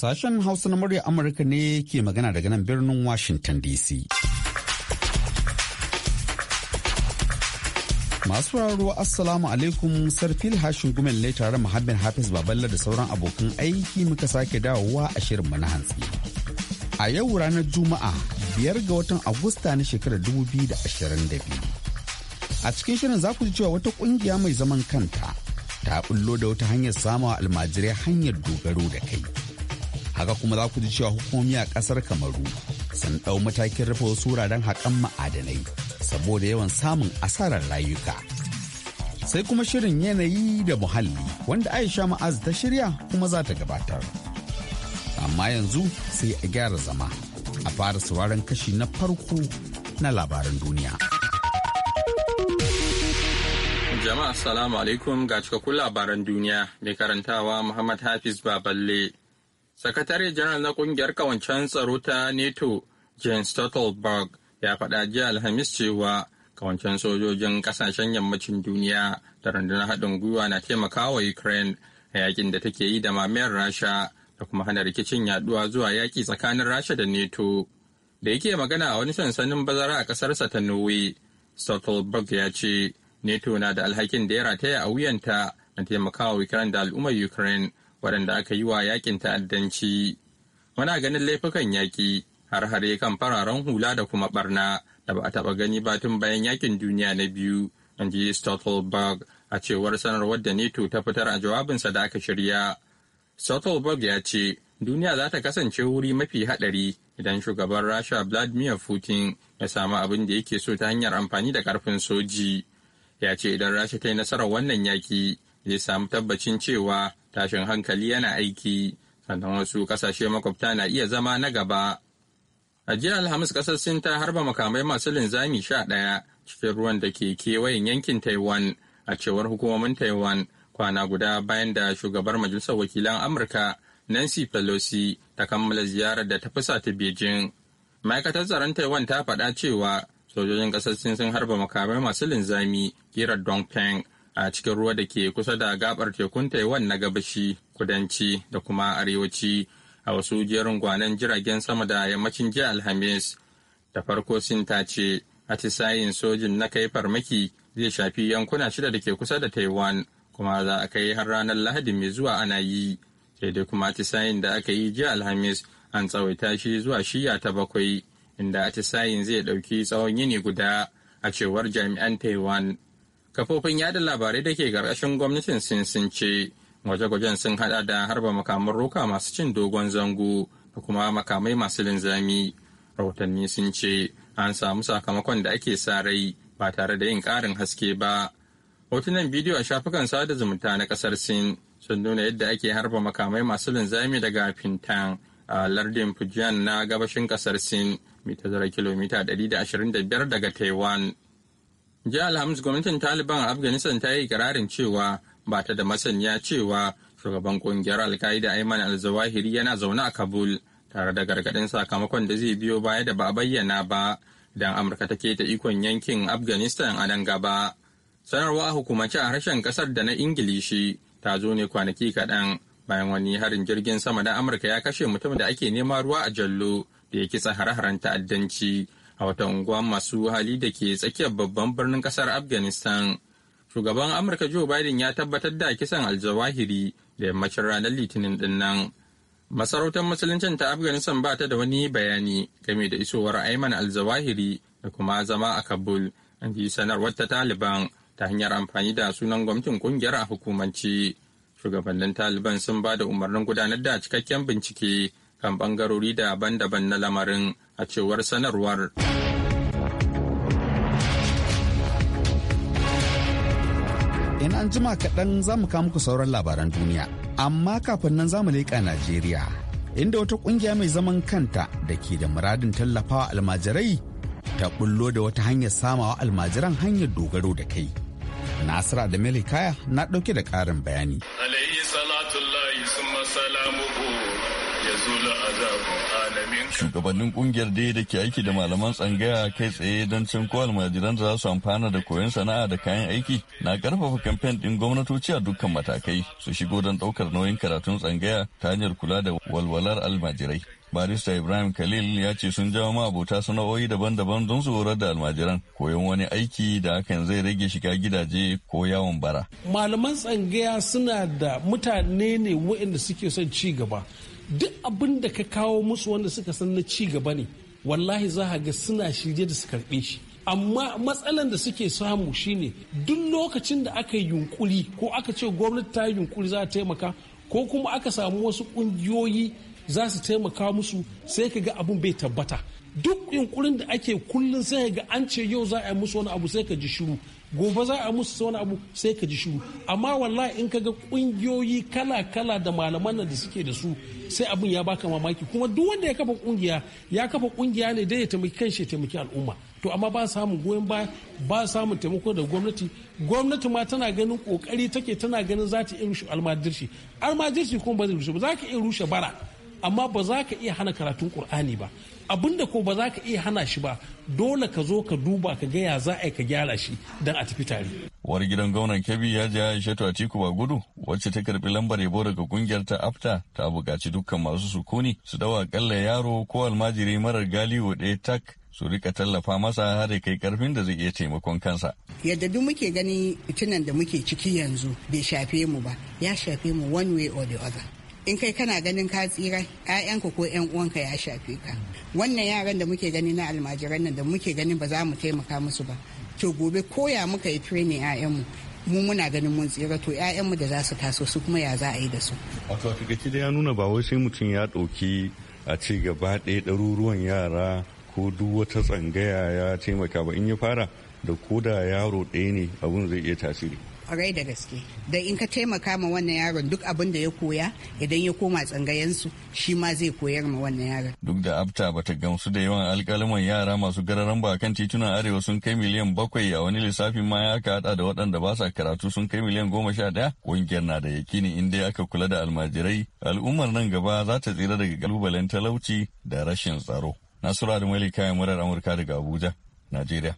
Sashen Hausa na murya Amurka ne ke magana daga nan birnin Washington DC. Masu raro Assalamu alaikum Sarfil Hashin Gumen ne tare Muhammad Hafiz Baballa da sauran abokan aiki muka sake dawowa a shirin na hantsi. a yau ranar Juma'a biyar ga watan Agusta na shekarar 2022. A cikin shirin za ku ji cewa wata kungiya mai zaman kanta ta bullo da wata hanyar samawa almajirai hanyar dogaro da kai. Haka kuma za ku ji cewa hukumomi a ƙasar Kamaru sun ɗau matakin rufe wasu wuraren haƙan ma'adanai saboda yawan samun asarar rayuka. Sai kuma shirin yanayi da muhalli wanda Aisha Ma'az ta shirya kuma za ta gabatar. amma yanzu sai a gyara zama a fara sauraron kashi na farko na labaran duniya. Jama'a salamu alaikum ga cikakkun labaran duniya mai karantawa Muhammad Hafiz Baballe. Sakatare janar na kungiyar kawancen tsaro ta NATO Jens Stoltenberg ya faɗa jiya Alhamis cewa kawancen sojojin ƙasashen yammacin duniya da rundunar haɗin gwiwa na taimakawa Ukraine a yakin da take yi da mamayar Rasha da kuma hana rikicin yaduwa zuwa yaƙi tsakanin rasha da neto da yake magana a wani sansanin bazara a ƙasarsa ta norway stoltenberg ya ce neto na da alhakin da ya rataya a wuyanta na taimakawa wikiran da al'ummar ukraine waɗanda aka yi wa yakin ta'addanci muna ganin laifukan yaƙi har hare kan fararen hula da kuma barna da ba a taɓa gani ba tun bayan yakin duniya na biyu in ji stoltenberg a cewar sanarwar da neto ta fitar a jawabinsa da aka shirya Stoltenberg ya ce duniya za ta kasance wuri mafi haɗari idan shugaban Rasha Vladimir Putin ya samu abin da yake so ta hanyar amfani da karfin soji. Ya ce idan Rasha ta yi nasarar wannan yaki zai samu tabbacin cewa tashin hankali yana aiki sannan wasu ƙasashe makwabta na iya zama na gaba. A jiya Alhamis ƙasar Sin ta harba makamai masu linzami sha ɗaya cikin ruwan da ke kewayen yankin Taiwan a cewar hukumomin Taiwan kwana guda bayan da shugabar majalisar wakilan amurka nancy pelosi ta kammala ziyarar da ta fusa ta beijing ma'aikatar tsaron taiwan ta faɗa cewa sojojin ƙasar sin sun harba makamai masu linzami kirar dongpeng a cikin ruwa da ke kusa da gabar tekun taiwan na gabashi kudanci da kuma arewaci a wasu jerin gwanan jiragen sama da yammacin jiya alhamis da farko sin ta ce atisayin sojin na kai farmaki zai shafi yankuna shida da ke kusa da taiwan kuma za a kai har ranar lahadi mai zuwa ana yi sai dai kuma atisayin da aka yi jiya alhamis an tsawaita shi zuwa shiya ta bakwai inda atisayin zai ɗauki tsawon yini guda a cewar jami'an taiwan kafofin yada labarai da ke ƙarƙashin gwamnatin sin sun ce gwaje-gwajen sun hada da harba makaman roka masu cin dogon zango da kuma makamai masu linzami rahotanni sun ce an samu sakamakon da ake sa rai ba tare da yin ƙarin haske ba hotunan bidiyo a shafukan sada zumunta na kasar sin sun nuna yadda ake harba makamai masu linzami daga fintan a lardin fujian na gabashin kasar sin mita zara kilomita 125 daga taiwan jiya alhamis gwamnatin taliban a afghanistan ta yi kirarin cewa ba ta da masaniya cewa shugaban kungiyar alkaida ayman al-zawahiri yana zaune a kabul tare da gargaɗin sakamakon da zai biyo baya da ba a bayyana ba don amurka take ta ikon yankin afghanistan a nan gaba sanarwa a hukumance a harshen kasar da na ingilishi ta zo ne kwanaki kaɗan bayan wani harin jirgin sama na amurka ya kashe mutum da ake neman ruwa a jallo da ya kitsa hare-haren ta'addanci a wata unguwa masu hali da ke tsakiyar babban birnin kasar afghanistan shugaban amurka joe biden ya tabbatar da kisan aljawahiri da yammacin ranar litinin din masarautar musuluncin ta afghanistan ba ta da wani bayani game da isowar aiman aljawahiri da kuma zama a kabul an ji sanarwar ta taliban ta hanyar amfani da sunan gwamnatin kungiyar a hukumanci. Shugabannin Taliban sun ba da umarnin gudanar da cikakken bincike kan bangarori daban-daban na lamarin a cewar sanarwar. In an jima kaɗan za mu muku sauran labaran duniya, amma kafin nan za mu leƙa Najeriya, inda wata ƙungiya mai zaman kanta da ke da muradin tallafawa almajirai ta ɓullo da wata hanyar samawa almajiran hanyar dogaro da kai Nasira da Melikaya na ɗauke da ƙarin bayani. Shugabannin kungiyar dai da ke aiki da malaman tsangaya kai tsaye don cin ko almajiran za su amfana da koyon sana'a da kayan aiki na karfafa kamfen din gwamnatoci a dukkan matakai su shigo don daukar nauyin karatun tsangaya ta hanyar kula da walwalar almajirai. barista ibrahim khalil ya ce sun jawo abota sana'o'i daban-daban don su horar da almajiran koyon wani aiki da hakan zai rage shiga gidaje ko yawon bara malaman tsangaya suna da mutane ne waɗanda suke son ci gaba duk abin da ka kawo musu wanda suka san na ci gaba ne wallahi za a ga suna shirye da su karɓe shi amma matsalan da suke samu shine duk lokacin da aka yi yunkuri ko aka ce gwamnati ta yi yunkuri za a taimaka ko kuma aka samu wasu ƙungiyoyi za su taimaka musu sai ka ga abin bai tabbata duk yunkurin da ake kullum sai ga an ce yau za a yi musu wani abu sai ka ji shiru gobe za a musu wani abu sai ka ji shiru amma wallahi in ka ga kungiyoyi kala kala da malaman nan da suke da su sai abin ya baka mamaki kuma duk wanda ya kafa kungiya ya kafa kungiya ne dai ya taimaki kanshi ya taimaki al'umma to amma ba samun goyon baya ba samun taimako da gwamnati gwamnati ma tana ganin kokari take tana ganin za ta iya rushe almajirshi almajirshi kuma ba zai rushe ba za ka iya rushe bara amma ba za ka iya hana karatun qur'ani ba abinda ko ba za ka iya hana shi ba dole ka zo ka duba ka gaya za a yi ka gyara shi don a tafi tare. Wani gidan gwamnan Kebbi ya ji Aishatu Atiku ba gudu wacce ta karbi lambar yabo daga kungiyar ta AFTA ta buƙaci dukkan masu sukuni su dawa akalla yaro ko almajiri marar galiwo ɗaya tak su rika tallafa masa har kai karfin da zai iya taimakon kansa. Yadda duk muke gani tunan da muke ciki yanzu bai shafe mu ba ya shafe mu one way or the other. in kai kana ganin ka tsira yayanka ko ƴan uwanka ya shafe ka wannan yaran da muke gani na almajiran nan da muke ganin ba za mu taimaka musu ba to gobe koya muka yi training yayan mu mu muna ganin mun tsira to mu da za su taso su kuma ya za a yi da su wato a da ya nuna ba wai sai mutum ya ɗauki a ci gaba ɗaya ɗaruruwan yara ko duk wata tsangaya ya taimaka ba in ya fara da koda yaro ɗaya ne abun zai iya tasiri kwarai da gaske da in ka taimaka ma wannan yaron duk abin da ya koya idan ya koma tsangayensu shi ma zai koyar ma wannan yaron duk da abta bata gamsu da yawan alkalaman yara masu gararan ba kan titunan arewa sun kai miliyan bakwai a wani lissafin ma ya aka hada da waɗanda ba sa karatu sun kai miliyan goma sha ɗaya ƙungiyar na da yakini in dai aka kula da almajirai al'ummar nan gaba za ta tsira daga kalubalen talauci da rashin tsaro. Nasiru da Malika kayan murar Amurka daga Abuja, Najeriya.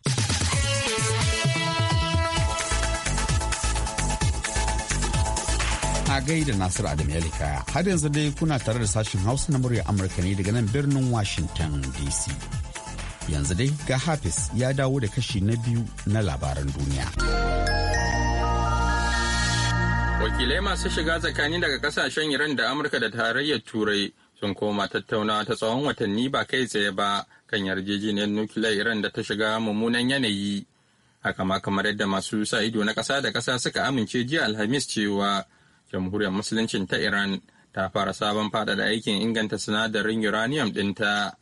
a gaida Nasiru Adam Yalika. Har yanzu dai kuna tare da sashen Hausa na murya Amurka ne daga nan birnin Washington DC. Yanzu dai ga Hafiz ya dawo da kashi na biyu na labaran duniya. Wakilai masu shiga tsakani daga kasashen Iran da Amurka da tarayyar Turai sun koma tattaunawa ta tsawon watanni ba kai tsaye ba kan yarjejeniyar nukiliyar Iran da ta shiga mummunan yanayi. haka ma kamar yadda masu sa ido na kasa da kasa suka amince jiya alhamis cewa jamhuriyar musuluncin ta iran ta fara sabon faɗaɗa aikin inganta sinadarin uranium ɗinta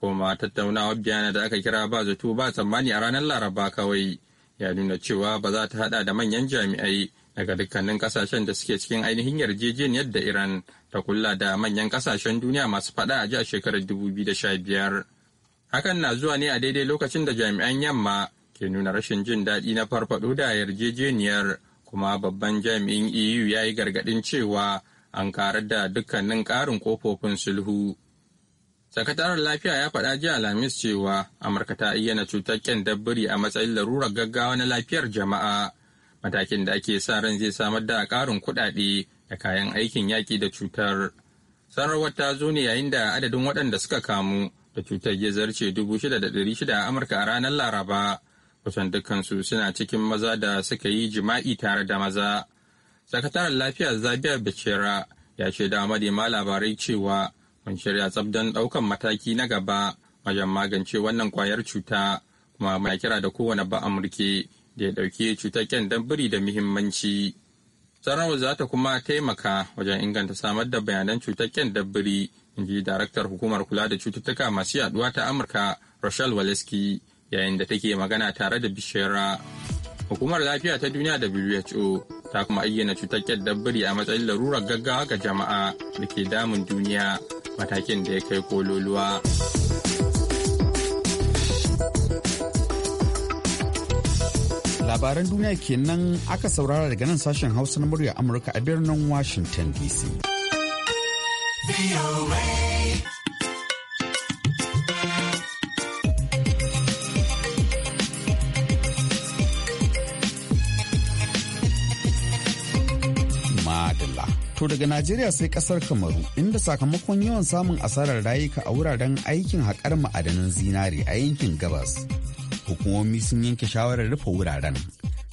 kuma tattaunawar biyana da aka kira ba zato ba tsammani a ranar laraba kawai ya nuna cewa ba za ta haɗa da manyan jami'ai daga dukkanin kasashen da suke cikin ainihin yarjejeniyar da iran ta kula da manyan kasashen duniya masu faɗa a ji a shekarar 2015 hakan na zuwa ne a daidai lokacin da jami'an yamma ke nuna rashin jin daɗi na farfaɗo da yarjejeniyar kuma babban jami'in eu ya yi gargaɗin cewa an kare da dukkanin ƙarin kofofin sulhu sakataren lafiya ya faɗa jiya alhamis cewa amurka ta ayyana cutar ƙyan dabbiri a matsayin larurar gaggawa na lafiyar jama'a matakin da ake sa ran zai samar da ƙarin kuɗaɗe da kayan aikin yaƙi da cutar sanarwar ta zo ne yayin da adadin waɗanda suka kamu da cutar ya zarce shida a amurka a ranar laraba kusan dukansu suna cikin maza da suka yi jima'i tare da maza. Sakataren lafiya Zabiya Bechera ya ce da ma labarai cewa mun shirya tsab don ɗaukan mataki na gaba wajen magance wannan kwayar cuta kuma mai kira da kowane ba Amurke da ya ɗauki cutar kyan biri da muhimmanci. Sarawar za ta kuma taimaka wajen inganta samar da bayanan cutar kyan biri in ji daraktar hukumar kula da cututtuka masu yaduwa ta Amurka, Rochelle Waleski, yayin da take magana tare da bishiyarra hukumar lafiya ta duniya da who ta kuma ayyana cutar dabbari a matsayin larurar gaggawa ga jama'a da ke damun duniya matakin da ya kai kololuwa labaran duniya kenan aka saurara daga nan sashen hausa na murya amurka a birnin washington dc To daga Najeriya sai kasar Kamaru inda sakamakon yawan samun asarar rayuka a wuraren aikin haƙar ma'adanan zinare a yankin gabas. Hukumomi sun yanke shawarar rufe wuraren.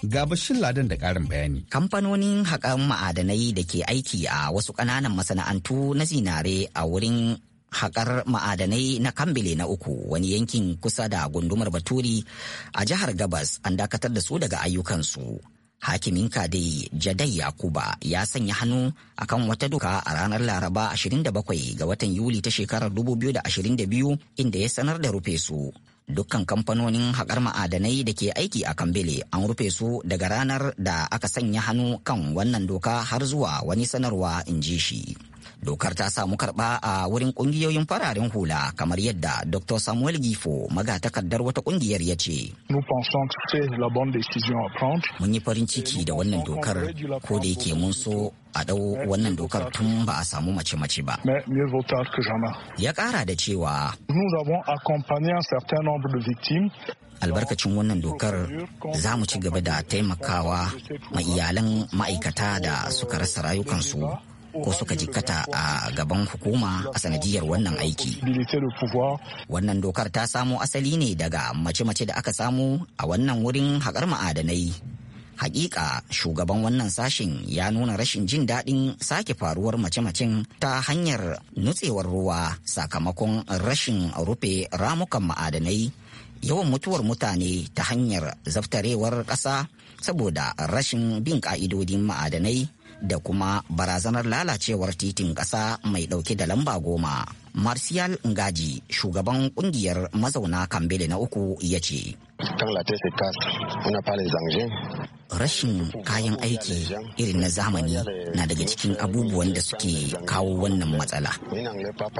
Ga bashin ladan da ƙarin bayani. Kamfanonin haƙar ma'adanai da ke aiki a wasu ƙananan masana'antu na zinare a wurin haƙar ma'adanai na kambile na uku wani yankin kusa da gundumar baturi a jihar gabas an dakatar da su daga ayyukansu. hakimin kadai jadai yakuba ya sanya hannu akan wata doka a ranar laraba 27 ga watan yuli ta shekarar 2022 inda ya sanar da rufe su dukkan kamfanonin haƙar ma'adanai da ke aiki a kambele an rufe su daga ranar da aka sanya hannu kan wannan doka har zuwa wani sanarwa in ji shi dokar ta samu karba a wurin kungiyoyin fararen hula kamar yadda dr samuel gifo magatakardar wata kungiyar ya ce mun yi farin ciki da wannan dokar ko da yake mun so a dau wannan dokar tun ba a samu mace-mace ba. Ya kara da cewa. Albarkacin wannan dokar za mu ci gaba da taimakawa ma iyalan ma'aikata da suka rasa rayukansu ko suka jikkata a gaban hukuma a sanadiyar wannan aiki. Wannan dokar ta samo asali ne daga mace-mace da aka samu a wannan wurin haƙar ma'adanai. Hakika shugaban wannan sashen ya nuna rashin jin daɗin sake faruwar mace-macen ta hanyar nutsewar ruwa sakamakon rashin rufe ramukan ma'adanai yawan mutuwar mutane ta hanyar zaftarewar ƙasa saboda rashin bin ƙa'idodin ma'adanai da kuma barazanar lalacewar titin ƙasa mai ɗauke da lamba goma. Martial Ngaji, shugaban kungiyar mazauna Kambele na uku ya ce. Rashin kayan aiki irin na zamani na daga cikin abubuwan da suke kawo wannan matsala.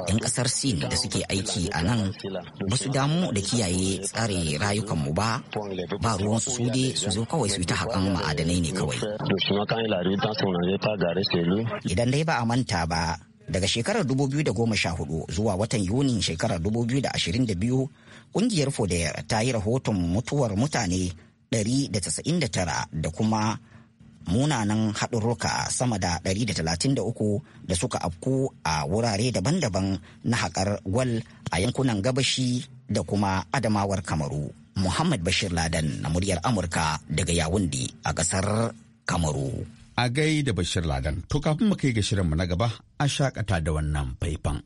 'Yan ƙasar Sin da suke aiki a nan ba su damu da kiyaye tsare rayukanmu ba, ba ruwansu su dai su zo kawai su yi ta haƙan ma'adanai ne kawai. Idan dai ba a manta ba, Daga shekarar 2014 zuwa watan Yuni shekarar 2022, Ƙungiyar Fodayar ta yi rahoton mutuwar mutane 199 da kuma munanan haɗurruka sama da 133 da suka afku a wurare daban-daban na haƙar gwal a yankunan gabashi da kuma adamawar kamaru. Muhammad Bashir Ladan na muryar Amurka daga Yawundi a ƙasar Kamaru. a gai da Bashir Ladan. To kafin mu kai ga shirinmu na gaba a shakata da wannan faifan.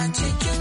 A cikin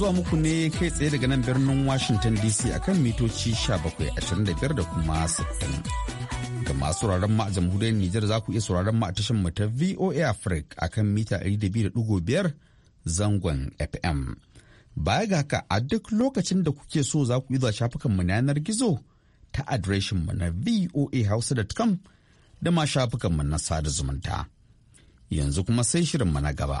zuwa muku ne kai tsaye daga nan birnin Washington DC akan mitoci 1725 da kuma 60. Ga masu sauraron ma a jamhuriyar Nijar za ku iya sauraron ma a tashar mu ta VOA Africa akan mita 200.5 zangon FM. Baya ga haka a duk lokacin da kuke so za ku iya shafukan mu na yanar gizo ta adireshin mu na voahouse.com da ma shafukan mu na sada zumunta. Yanzu kuma sai shirin mu na gaba.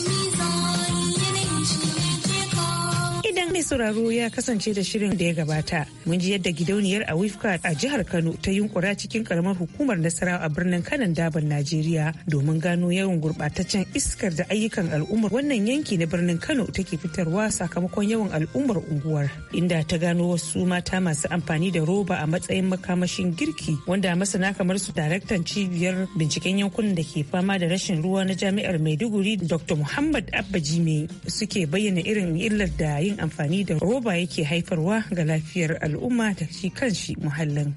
mai sauraro ya kasance da shirin da ya gabata mun ji yadda gidauniyar a wifka a jihar kano ta yunkura cikin karamar hukumar nasarawa a birnin kanan daban najeriya domin gano yawan gurɓataccen iskar da ayyukan al'ummar wannan yanki na birnin kano take fitarwa sakamakon yawan al'ummar unguwar inda ta gano wasu mata masu amfani da roba a matsayin makamashin girki wanda masana kamar su daraktan cibiyar binciken yankunan da ke fama da rashin ruwa na jami'ar maiduguri dr muhammad abba jime suke bayyana irin illar da yin amfani amfani da roba yake haifarwa ga lafiyar al'umma ta shi kanshi muhallin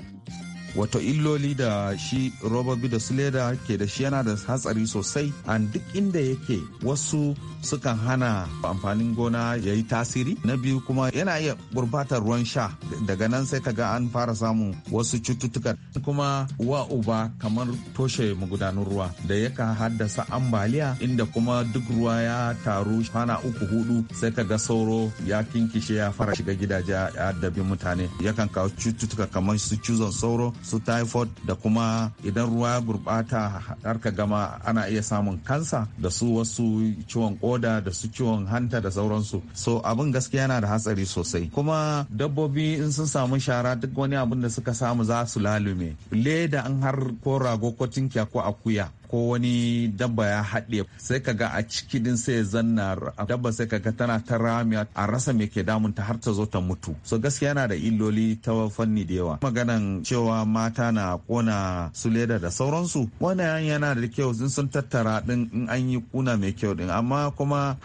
wato illoli da shi robobi da suleda ke da shi yana da hatsari sosai a duk inda yake wasu sukan hana amfanin gona ya yi tasiri na biyu kuma yana iya gurbatar ruwan sha daga nan sai kaga an fara samun wasu cututtuka kuma wa uba kamar toshe magudanun ruwa da yakan haddasa ambaliya inda kuma duk ruwa ya taru kwana uku hudu sai kaga sauro ya kinkishe ya fara shiga gidaje ya dabi mutane yakan kawo cututtuka kamar su cizon sauro su typhoid da kuma idan ruwa gurbata har ka gama ana iya samun kansa da su wasu ciwon koda da su ciwon hanta da sauransu so abin gaskiya yana da hatsari sosai kuma dabbobi in sun samu shara duk wani abin da suka samu za su lalume leda an har ko rago ko tinkiya ko akuya ko wani dabba ya haɗe sai ka ga a ciki din sai zanna dabba sai ka ga tana ta ramiya a rasa me ke ta har ta zo ta mutu so gaskiya yana da illoli ta fanni da yawa maganan cewa mata na kona su leda da sauransu wannan yana da kyau in sun tattara din in an yi kuna mai kyau din amma kuma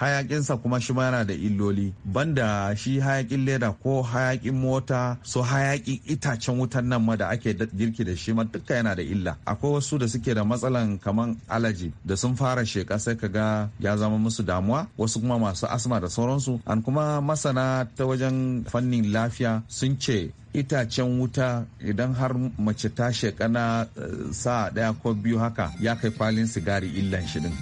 sa kuma shi ma yana da illoli banda shi hayakin leda ko hayakin mota so hayakin itacen wutan nan ma da ake girki da shi ma duka yana da illa akwai wasu da suke da matsalan kaman alaji da sun fara sheka sai ka ga ya zama musu damuwa wasu kuma masu asma da sauransu an kuma masana ta wajen fannin lafiya sun ce itacen wuta idan har mace ta sheka na eh, sa ɗaya ko biyu haka ya kai kwalin sigari illan shi din.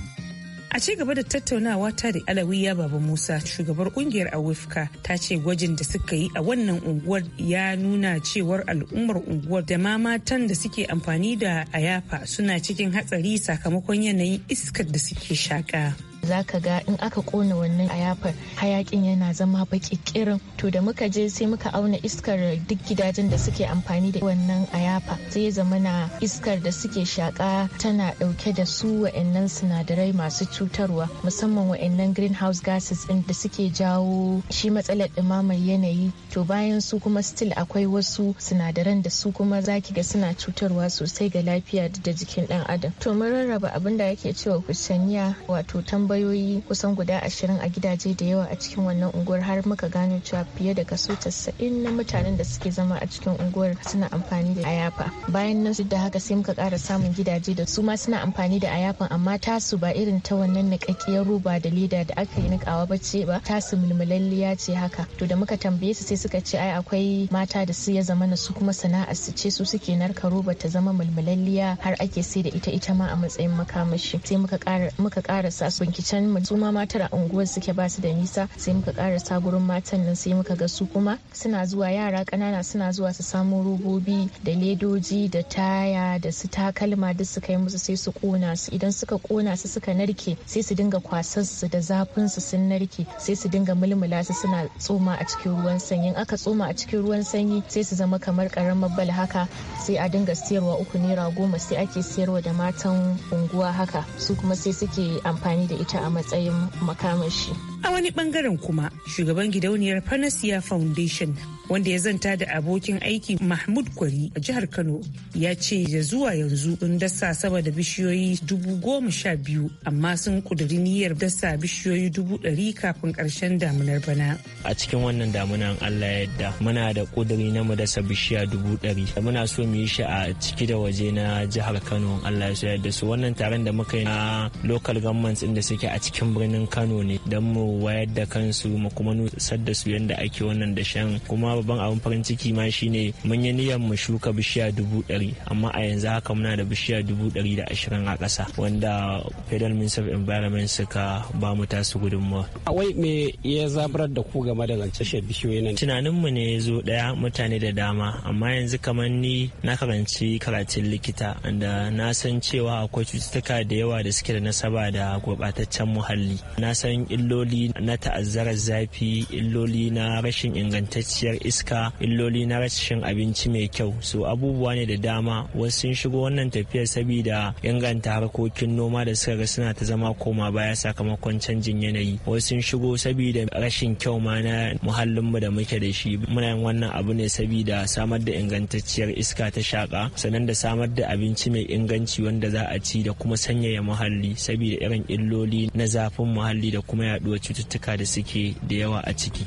A ci gaba da tattaunawa ta da Alawiya Baba Musa shugabar kungiyar Awifka ta ce gwajin da suka yi a wannan unguwar ya nuna cewar al'ummar unguwar da ma matan da suke amfani da ayafa suna cikin hatsari sakamakon yanayin iskar da suke shaka. za ka ga in aka kona wannan ayafar hayakin yana zama baki kirin to da muka je sai muka auna iskar duk gidajen da suke amfani da wannan ayafa sai ya zama na iskar da suke shaka tana dauke da su wa'annan sinadarai masu cutarwa musamman wa'annan greenhouse gases din da suke jawo shi matsalar dumamar yanayi to bayan su kuma still akwai wasu sinadaran da su kuma zaki ga suna cutarwa sosai ga lafiya da jikin dan adam to mun rarraba abin da yake cewa kusaniya wato tambayi. wayoyi kusan guda ashirin a gidaje da yawa a cikin wannan unguwar har muka gano cewa fiye da kaso casa'in na mutanen da suke zama a cikin unguwar suna amfani da ayafa bayan nan da haka sai muka kara samun gidaje da su ma suna amfani da ayafan amma tasu ba irin ta wannan niƙaƙƙiyar roba da leda da aka yi nikawa ba ce ba tasu mulmulalliya ce haka to da muka tambaye su sai suka ce ai akwai mata da su ya zama na su kuma sana'a su ce su suke narka roba ta zama mulmulalliya har ake sai da ita ita ma a matsayin makamashi sai muka kara muka kara sa su can su matar a unguwar suke ba su da nisa sai muka karasa gurin matan nan sai muka ga su kuma suna zuwa yara kanana suna zuwa su samu robobi da ledoji da taya da su takalma duk su kai musu sai su kona su idan suka kona su suka narke sai su dinga kwasar su da zafin su sun narke sai su dinga mulmula su suna tsoma a cikin ruwan sanyi aka tsoma a cikin ruwan sanyi sai su zama kamar karamar bal haka sai a dinga siyarwa uku naira goma sai ake siyarwa da matan unguwa haka su kuma sai suke amfani da ita ta a matsayin makamashi. A wani bangaren kuma, shugaban gidauniyar Panacea Foundation wanda ya zanta da abokin aiki mahmud kwari a jihar kano ya ce ya zuwa yanzu in dasa sama da bishiyoyi dubu goma sha biyu amma sun kuduri niyyar dasa bishiyoyi dubu ɗari kafin karshen damunar bana a cikin wannan damunan allah yadda muna da kuduri na mu dasa bishiya dubu da muna so mu yi shi a ciki da waje na jihar kano allah ya yadda su wannan taron da muka yi na local government inda suke a cikin birnin kano ne don mu wayar da kansu mu kuma nusar da su yadda ake wannan dashen kuma babban abin farin ciki ma shine mun yi niyyar mu shuka bishiya dubu ɗari amma a yanzu haka muna da bishiya dubu ɗari da ashirin a ƙasa wanda federal ministry of environment suka ba mu tasu gudunmawa. wai me ya zabarar da ku game da zancen bishiyoyi nan tunaninmu ne zo ɗaya mutane da dama amma yanzu kamar ni na karanci karatun likita da na san cewa akwai cututtuka da yawa da suke da nasaba da gurɓataccen muhalli na san illoli na ta'azzarar zafi illoli na rashin ingantacciyar iska illoli na rashin abinci mai kyau su abubuwa ne da dama wasu sun shigo wannan tafiyar saboda inganta harkokin noma da suka ga suna ta zama koma baya sakamakon canjin yanayi wasu sun shigo saboda rashin kyau ma na muhallin mu da muke da shi muna yin wannan abu ne saboda samar da ingantacciyar iska ta shaka sannan da samar da abinci mai inganci wanda za a ci da kuma sanyaya muhalli saboda irin illoli na zafin muhalli da kuma yaduwar cututtuka da suke da yawa a ciki.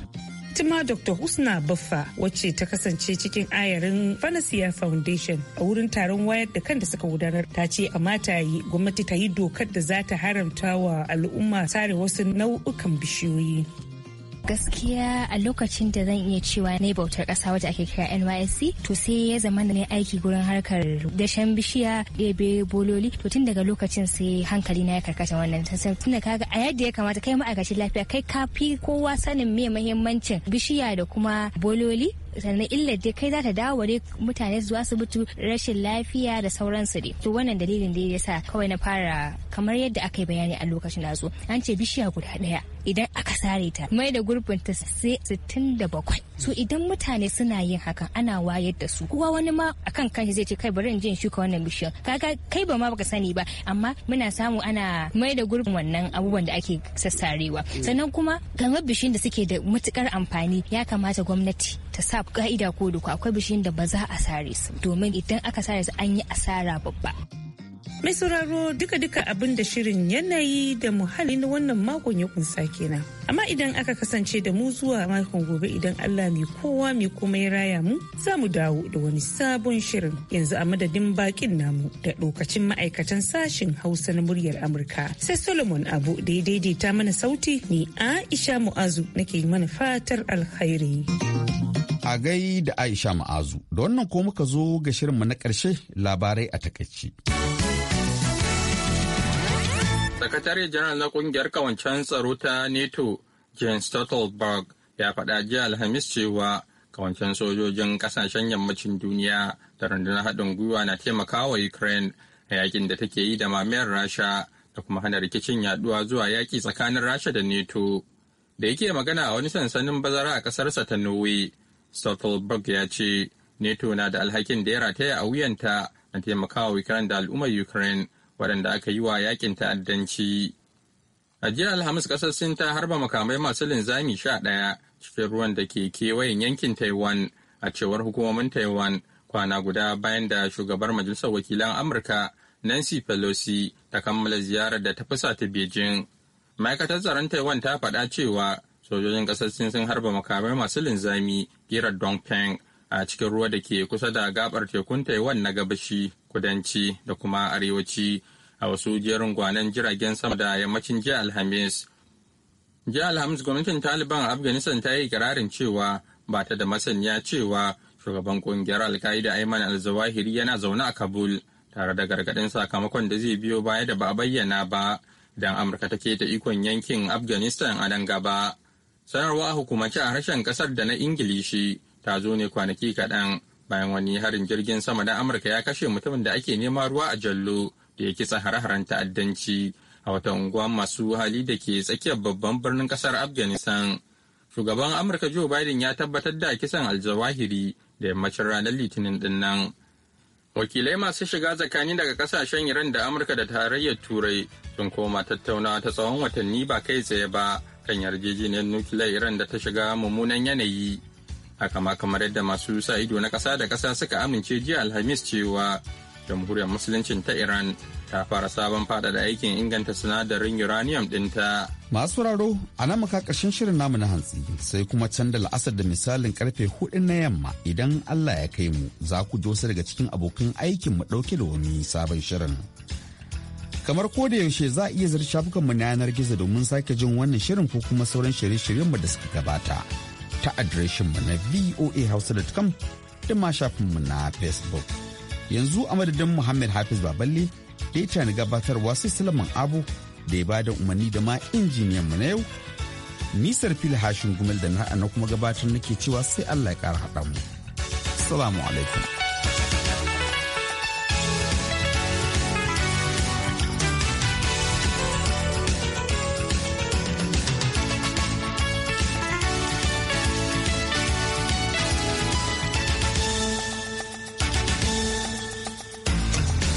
Tima Dr. Husna Baffa wacce ta kasance cikin ayarin Fanasiya Foundation a wurin taron wayar da kan da suka gudanar ta ce a mata yi gwamnati ta yi dokar da za ta haramta wa al'umma sare wasu nau'ukan bishiyoyi. gaskiya a lokacin da zan iya cewa na bautar ƙasa wadda ake kira nysc to sai ya zama da ne aiki gurin harkar dashen bishiya ɗebe bololi to tun daga lokacin sai hankali na ya karkata wannan sassan tun da kaga a yadda ya kamata kai ma'aikacin lafiya kai kafi kowa sanin me muhimmancin bishiya da kuma bololi sannan illar dai kai za ta dawo mutane zuwa su rashin lafiya da sauransu dai to wannan dalilin da ya sa kawai na fara kamar yadda aka yi bayani a lokacin asu. an ce bishiya guda daya idan aka sare ta mai da gurbin ta sai bakwai. so idan mutane suna yin hakan ana wayar da su kowa wani ma akan kanshi zai ce kai bari in je shuka wannan bishiya kaga kai ba ma baka sani ba amma muna samu ana mai da gurbin wannan abubuwan da ake sassarewa mm. sannan kuma kamar bishiyun da suke da matukar amfani ya kamata gwamnati ta sa ka'ida ko duka akwai bishiyun da ba za a sare su domin idan aka sare su an yi asara babba. Mai sauraro duka-duka abin da shirin yanayi da muhalli na wannan makon ya kunsa kenan. Amma idan aka kasance da mu zuwa makon gobe idan Allah mai kowa mai kuma ya raya mu za mu dawo da wani sabon shirin yanzu a madadin bakin namu da lokacin ma'aikatan sashen Hausa na muryar Amurka. Sai Solomon Abu da ya daidaita mana sauti ni Aisha Mu'azu nake mana fatar alkhairi. A gai da Aisha Ma'azu, da wannan ko muka zo ga shirinmu na ƙarshe labarai a takaici. Sakatare janar na kungiyar kawancen tsaro ta NATO, Jens Stoltenberg, ya faɗa jiya Alhamis cewa kawancen sojojin ƙasashen yammacin duniya da rundunar haɗin gwiwa na taimakawa Ukraine a yakin da take yi da mamayar Rasha da kuma hana rikicin yaduwa zuwa yaƙi tsakanin Rasha da NATO. Da yake magana a wani sansanin bazara a ƙasarsa ta Norway, Stoltenberg ya ce NATO na da alhakin da ya rataya a wuyanta na taimakawa wikiran da al'ummar Ukraine waɗanda aka yi wa yakin ta'addanci. A jiya Alhamis ƙasar Sin ta harba makamai masu linzami sha ɗaya cikin ruwan da ke kewayen yankin Taiwan a cewar hukumomin Taiwan kwana guda bayan da shugabar Majalisar Wakilan Amurka Nancy Pelosi ta kammala ziyarar da ta fusa ta Beijing. Ma'aikatar tsaron Taiwan ta faɗa cewa sojojin ƙasar sin sun harba makamai masu linzami girar dongpeng a cikin ruwa da ke kusa da gabar tekun taiwan na gabashi kudanci da kuma arewaci a wasu jerin gwanan jiragen sama da yammacin jiya alhamis jiya alhamis gwamnatin taliban a afghanistan ta yi kirarin cewa ba ta da masaniya cewa shugaban kungiyar alka'ida ayman al-zawahiri yana zaune a kabul tare da gargaɗin sakamakon da zai biyo baya da ba a bayyana ba idan amurka take ta ikon yankin afghanistan a nan gaba sanarwa a hukumance a harshen kasar da na ingilishi ta zo ne kwanaki kaɗan bayan wani harin jirgin sama na amurka ya kashe mutumin da ake nema ruwa a jallo da ya kitsa hare-haren ta'addanci a wata unguwa masu hali da ke tsakiyar babban birnin kasar afghanistan shugaban amurka joe biden ya tabbatar da kisan aljawahiri da yammacin ranar litinin din wakilai masu shiga tsakani daga kasashen iran da amurka da tarayyar turai sun koma tattaunawa ta tsawon watanni ba kai tsaye ba kan yarjejeniyar nukiliyar Iran da ta shiga mummunan yanayi. Haka ma kamar yadda masu sa ido na ƙasa da ƙasa suka amince jiya Alhamis cewa jamhuriyar musuluncin ta Iran ta fara sabon faɗaɗa aikin inganta sinadarin uranium ɗinta. Masu raro a nan muka ƙarshen shirin namu na hantsi sai kuma can da la'asar da misalin karfe hudu na yamma idan Allah ya kai mu za ku ji daga cikin abokan aikin mu ɗauke da wani sabon shirin. kamar ko da yaushe za a iya zira shafukanmu na yanar gizo domin sake jin wannan shirin ko kuma sauran shirye-shiryenmu da suka gabata ta adireshinmu na voahouse.com da ma shafinmu na facebook yanzu a madadin muhammad hafiz baballe da ya ni gabatarwa sai salaman abu da ya bada umarni da ma injiniyanmu na yau nisar fili hashin gumel da na kuma gabatar nake cewa sai allah ya kara haɗa mu salamu alaikum